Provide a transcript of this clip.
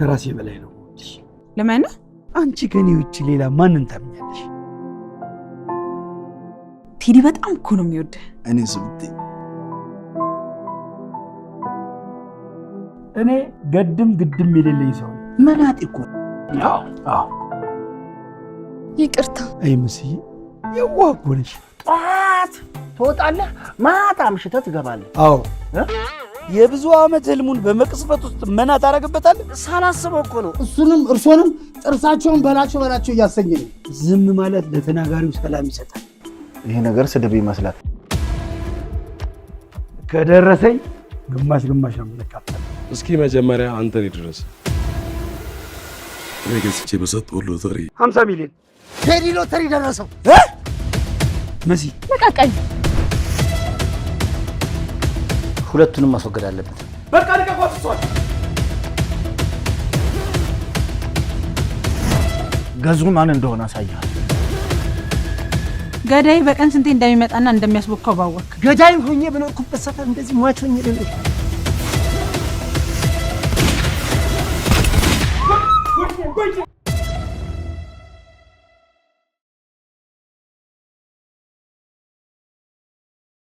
ከራሴ በላይ ነው። ለምን አንቺ ከኔ ውጭ ሌላ ማንን ታምኛለሽ? ቴዲ በጣም እኮ ነው የሚወድህ። እኔ ስብት እኔ ገድም ግድም የሌለኝ ሰው መናጤ እኮ ይቅርታ። አይ መስዬ የዋህ እኮ ነሽ። ጠዋት ትወጣለህ፣ ማታ አምሽተህ ትገባለህ። አዎ የብዙ ዓመት ህልሙን በመቅስፈት ውስጥ መና ታደርግበታለህ። ሳላስበው እኮ ነው። እሱንም እርሶንም ጥርሳቸውን በላቸው በላቸው እያሰኘ ነው። ዝም ማለት ለተናጋሪው ሰላም ይሰጣል። ይሄ ነገር ስድብ ይመስላል። ከደረሰኝ ግማሽ ግማሽ ነው የምንካፈል። እስኪ መጀመሪያ አንተን ይድረስ። ነገስቼ በሰጠው ሎተሪ 50 ሚሊዮን ቴዲ ሎተሪ ደረሰው መሲ መቃቀኝ ሁለቱንም ማስወገድ አለበት። በቃ ልቀቋት። እሷን ገዙ ማን እንደሆነ አሳያል። ገዳይ በቀን ስንቴ እንደሚመጣና እንደሚያስቦካው ባወቅ ገዳይ ሆኜ በኖርኩበት ሰፈር እንደዚህ ሟች ሆኜ ደ